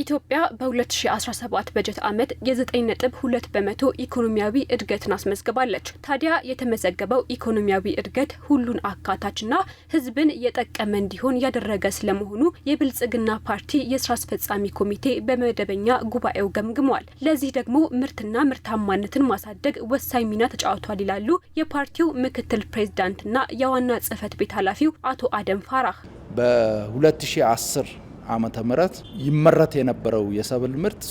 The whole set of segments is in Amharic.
ኢትዮጵያ በ2017 በጀት ዓመት የ9.2 በመቶ ኢኮኖሚያዊ እድገትን አስመዝግባለች። ታዲያ የተመዘገበው ኢኮኖሚያዊ እድገት ሁሉን አካታችና ሕዝብን የጠቀመ እንዲሆን ያደረገ ስለመሆኑ የብልጽግና ፓርቲ የስራ አስፈጻሚ ኮሚቴ በመደበኛ ጉባኤው ገምግሟል። ለዚህ ደግሞ ምርትና ምርታማነትን ማሳደግ ወሳኝ ሚና ተጫውቷል ይላሉ የፓርቲው ምክትል ፕሬዝዳንትና የዋና ጽህፈት ቤት ኃላፊው አቶ አደም ፋራህ በ2010 ዓመተ ምህረት ይመረት የነበረው የሰብል ምርት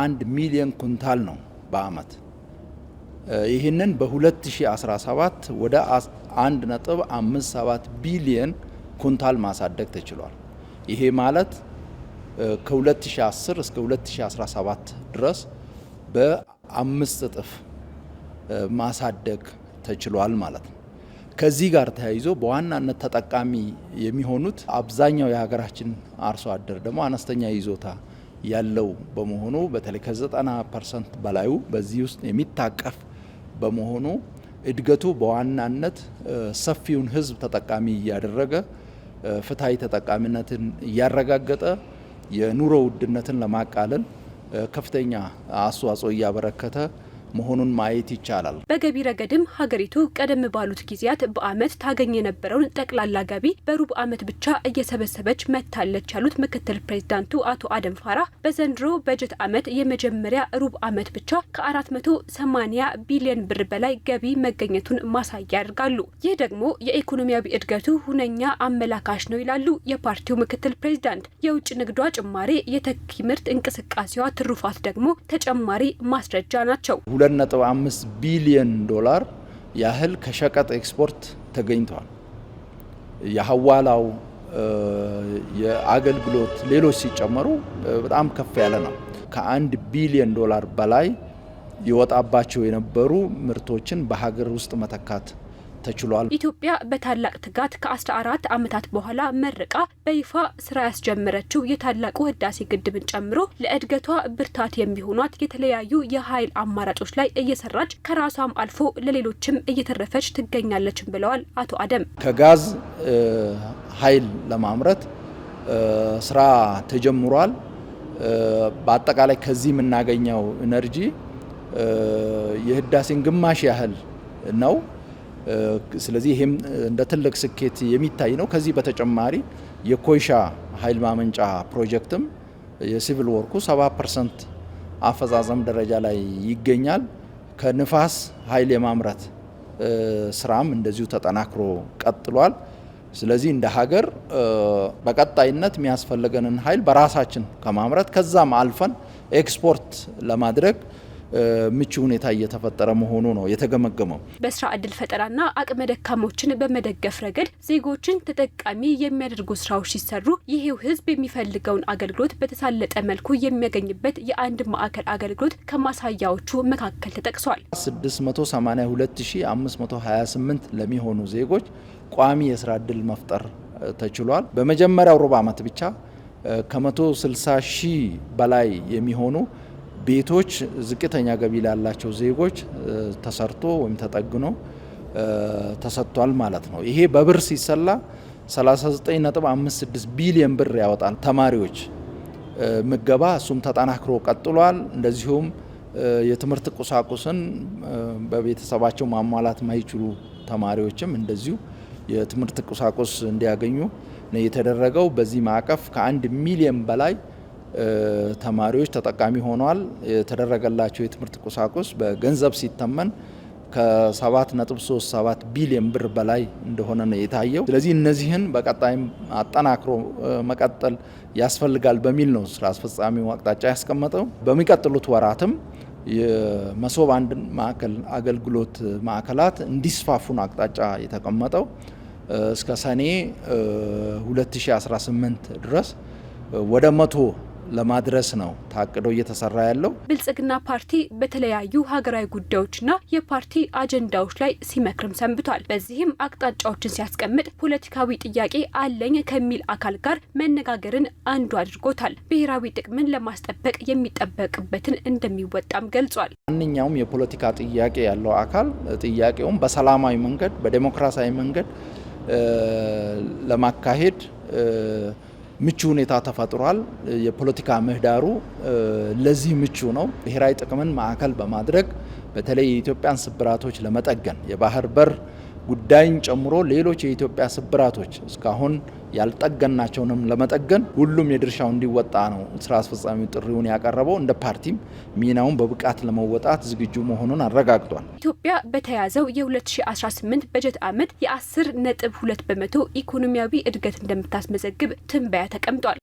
1 ሚሊዮን ኩንታል ነው በአመት። ይህንን በ2017 ወደ 1.57 ቢሊዮን ኩንታል ማሳደግ ተችሏል። ይሄ ማለት ከ2010 እስከ 2017 ድረስ በአምስት እጥፍ ማሳደግ ተችሏል ማለት ነው። ከዚህ ጋር ተያይዞ በዋናነት ተጠቃሚ የሚሆኑት አብዛኛው የሀገራችን አርሶ አደር ደግሞ አነስተኛ ይዞታ ያለው በመሆኑ በተለይ ከ90 ፐርሰንት በላዩ በዚህ ውስጥ የሚታቀፍ በመሆኑ እድገቱ በዋናነት ሰፊውን ሕዝብ ተጠቃሚ እያደረገ ፍትሐዊ ተጠቃሚነትን እያረጋገጠ የኑሮ ውድነትን ለማቃለል ከፍተኛ አስተዋጽኦ እያበረከተ መሆኑን ማየት ይቻላል። በገቢ ረገድም ሀገሪቱ ቀደም ባሉት ጊዜያት በዓመት ታገኝ የነበረውን ጠቅላላ ገቢ በሩብ ዓመት ብቻ እየሰበሰበች መታለች ያሉት ምክትል ፕሬዚዳንቱ አቶ አደም ፋራ በዘንድሮ በጀት ዓመት የመጀመሪያ ሩብ ዓመት ብቻ ከ480 ቢሊዮን ብር በላይ ገቢ መገኘቱን ማሳያ ያደርጋሉ። ይህ ደግሞ የኢኮኖሚያዊ እድገቱ ሁነኛ አመላካሽ ነው ይላሉ የፓርቲው ምክትል ፕሬዚዳንት። የውጭ ንግዷ ጭማሬ፣ የተኪ ምርት እንቅስቃሴዋ ትሩፋት ደግሞ ተጨማሪ ማስረጃ ናቸው። 2.5 ቢሊዮን ዶላር ያህል ከሸቀጥ ኤክስፖርት ተገኝተዋል። የሀዋላው የአገልግሎት ሌሎች ሲጨመሩ በጣም ከፍ ያለ ነው። ከአንድ ቢሊዮን ዶላር በላይ ይወጣባቸው የነበሩ ምርቶችን በሀገር ውስጥ መተካት ተችሏል። ኢትዮጵያ በታላቅ ትጋት ከ14 ዓመታት በኋላ መርቃ በይፋ ስራ ያስጀመረችው የታላቁ ህዳሴ ግድብን ጨምሮ ለእድገቷ ብርታት የሚሆኗት የተለያዩ የኃይል አማራጮች ላይ እየሰራች ከራሷም አልፎ ለሌሎችም እየተረፈች ትገኛለች ብለዋል አቶ አደም። ከጋዝ ኃይል ለማምረት ስራ ተጀምሯል። በአጠቃላይ ከዚህ የምናገኘው ኢነርጂ የህዳሴን ግማሽ ያህል ነው። ስለዚህ ይህም እንደ ትልቅ ስኬት የሚታይ ነው። ከዚህ በተጨማሪ የኮይሻ ኃይል ማመንጫ ፕሮጀክትም የሲቪል ወርኩ 70 ፐርሰንት አፈጻጸም ደረጃ ላይ ይገኛል። ከንፋስ ኃይል የማምረት ስራም እንደዚሁ ተጠናክሮ ቀጥሏል። ስለዚህ እንደ ሀገር በቀጣይነት የሚያስፈልገንን ኃይል በራሳችን ከማምረት ከዛም አልፈን ኤክስፖርት ለማድረግ ምቹ ሁኔታ እየተፈጠረ መሆኑ ነው የተገመገመው። በስራ እድል ፈጠራና አቅመ ደካሞችን በመደገፍ ረገድ ዜጎችን ተጠቃሚ የሚያደርጉ ስራዎች ሲሰሩ ይሄው ህዝብ የሚፈልገውን አገልግሎት በተሳለጠ መልኩ የሚያገኝበት የአንድ ማዕከል አገልግሎት ከማሳያዎቹ መካከል ተጠቅሷል። 682528 ለሚሆኑ ዜጎች ቋሚ የስራ እድል መፍጠር ተችሏል። በመጀመሪያው ሩብ ዓመት ብቻ ከ160 ሺህ በላይ የሚሆኑ ቤቶች ዝቅተኛ ገቢ ላላቸው ዜጎች ተሰርቶ ወይም ተጠግኖ ተሰጥቷል ማለት ነው። ይሄ በብር ሲሰላ 39.56 ቢሊዮን ብር ያወጣል። ተማሪዎች ምገባ እሱም ተጠናክሮ ቀጥሏል። እንደዚሁም የትምህርት ቁሳቁስን በቤተሰባቸው ማሟላት ማይችሉ ተማሪዎችም እንደዚሁ የትምህርት ቁሳቁስ እንዲያገኙ ነው የተደረገው። በዚህ ማዕቀፍ ከአንድ ሚሊዮን በላይ ተማሪዎች ተጠቃሚ ሆኗል። የተደረገላቸው የትምህርት ቁሳቁስ በገንዘብ ሲተመን ከ7.37 ቢሊዮን ብር በላይ እንደሆነ ነው የታየው። ስለዚህ እነዚህን በቀጣይም አጠናክሮ መቀጠል ያስፈልጋል በሚል ነው ስራ አስፈጻሚው አቅጣጫ ያስቀመጠው። በሚቀጥሉት ወራትም የመሶብ አንድ ማዕከል አገልግሎት ማዕከላት እንዲስፋፉን አቅጣጫ የተቀመጠው እስከ ሰኔ 2018 ድረስ ወደ መቶ ለማድረስ ነው ታቅዶ እየተሰራ ያለው። ብልጽግና ፓርቲ በተለያዩ ሀገራዊ ጉዳዮችና የፓርቲ አጀንዳዎች ላይ ሲመክርም ሰንብቷል። በዚህም አቅጣጫዎችን ሲያስቀምጥ ፖለቲካዊ ጥያቄ አለኝ ከሚል አካል ጋር መነጋገርን አንዱ አድርጎታል። ብሔራዊ ጥቅምን ለማስጠበቅ የሚጠበቅበትን እንደሚወጣም ገልጿል። ማንኛውም የፖለቲካ ጥያቄ ያለው አካል ጥያቄውም በሰላማዊ መንገድ፣ በዴሞክራሲያዊ መንገድ ለማካሄድ ምቹ ሁኔታ ተፈጥሯል። የፖለቲካ ምህዳሩ ለዚህ ምቹ ነው። ብሔራዊ ጥቅምን ማዕከል በማድረግ በተለይ የኢትዮጵያን ስብራቶች ለመጠገን የባህር በር ጉዳይን ጨምሮ ሌሎች የኢትዮጵያ ስብራቶች እስካሁን ያልጠገናቸውንም ለመጠገን ሁሉም የድርሻው እንዲወጣ ነው ስራ አስፈጻሚ ጥሪውን ያቀረበው። እንደ ፓርቲም ሚናውን በብቃት ለመወጣት ዝግጁ መሆኑን አረጋግጧል። ኢትዮጵያ በተያዘው የ2018 በጀት ዓመት የ10 ነጥብ 2 በመቶ ኢኮኖሚያዊ እድገት እንደምታስመዘግብ ትንበያ ተቀምጧል።